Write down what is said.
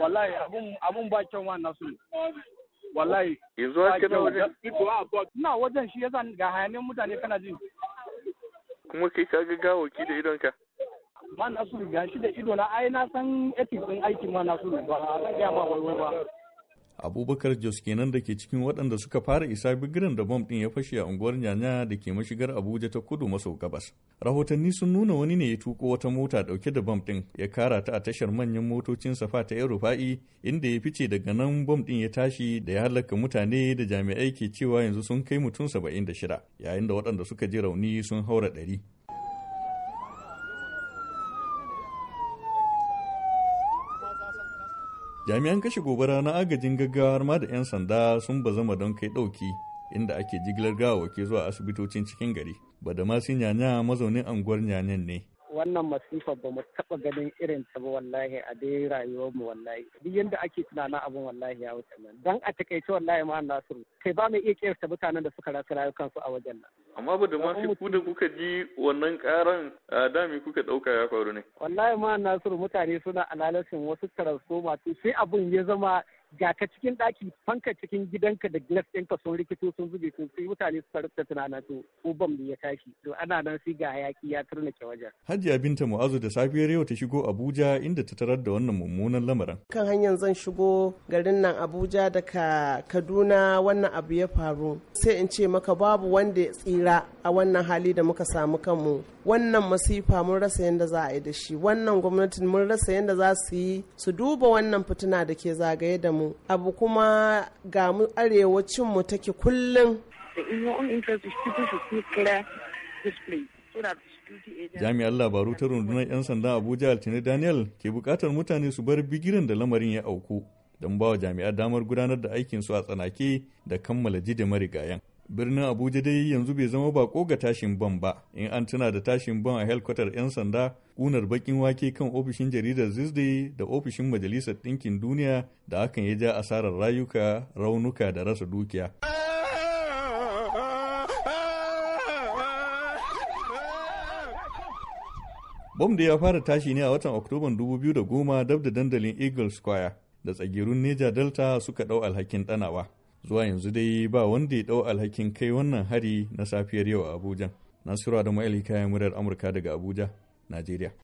wallahi abun ba kyan ma nasu wallahi yanzu ake da wajen na wajen shi yasa ga hayaniyar mutane kana ji kuma kai ka ga gawaki da idonka ma nasu ga shi da ido na ai na san ethics din aiki ma nasu ba zan ga ma wai ba abubakar jos kenan da ke cikin waɗanda suka fara isa bigiran da bom ɗin ya fashe a unguwar nyanya da ke mashigar abuja ta kudu maso gabas rahotanni sun nuna wani ne ya tuko wata mota ɗauke da bom ɗin ya kara ta a tashar manyan motocin safa ta yan rufa'i inda ya fice daga nan bom ɗin ya tashi da ya halaka mutane da jami'ai ke cewa yanzu sun kai mutum saba'in da shida yayin da waɗanda suka ji rauni sun haura ɗari jami'an kashe gobara na agajin gaggawa har ma da 'yan sanda sun bazama don kai ɗauki inda ake jigilar ke zuwa asibitocin cikin gari Ba da ma sun nyanya mazaunin anguwar nyanyan ne wannan masifar ba mu taɓa ganin irin ta ba wallahi a dai rayuwar mu wallahi duk yanda ake tunana abin wallahi ya wuce nan dan a takaice wallahi ma Nasiru kai ba mai iya kiyarta mutanen da suka rasa rayukansu a wajen nan amma ba da ma sai ku da kuka ji wannan karan da me kuka dauka ya faru ne wallahi ma Nasiru mutane suna alalacin wasu transformer sai abun ya zama ga ka cikin ɗaki fanka cikin gidanka da glass ka sun rikito sun zube sun sai mutane suka rufta tunana to ko bam ya tashi to ana nan sai ga hayaki ya turnake wajen. Hajiya Binta Mu'azu da safiyar yau ta shigo Abuja inda ta tarar da wannan mummunan lamarin. Kan hanyar zan shigo garin nan Abuja daga Kaduna wannan abu ya faru sai in ce maka babu wanda ya tsira a wannan hali da muka samu kanmu wannan masifa mun rasa yadda za a yi da shi wannan gwamnatin mun rasa yadda za su yi su duba wannan fituna da ke zagaye da mu mu abu kuma ga mu arewacin mu take kullum jami'an labaru ta rundunar 'yan sanda abuja altine daniel ke bukatar mutane su bar bigiren da lamarin ya auku don ba wa jami'a damar gudanar da aikinsu a tsanake da kammala jide marigayan. birnin abuja dai yanzu bai zama bako ga tashin ban ba in an tuna da tashin ban a helkwatar 'yan sanda kunar bakin wake kan ofishin jaridar zizde da ofishin majalisar ɗinkin duniya da hakan ya ja asarar rayuka raunuka da rasa dukiya bom da ya fara tashi ne a watan oktoban 2010 dab da dandalin eagle square da tsagerun neja delta suka dau alhakin danawa. zuwa yanzu dai ba wanda ya ɗau alhakin kai wannan hari na safiyar yau a abuja nasiru da ma'il kayan murar amurka daga abuja najeriya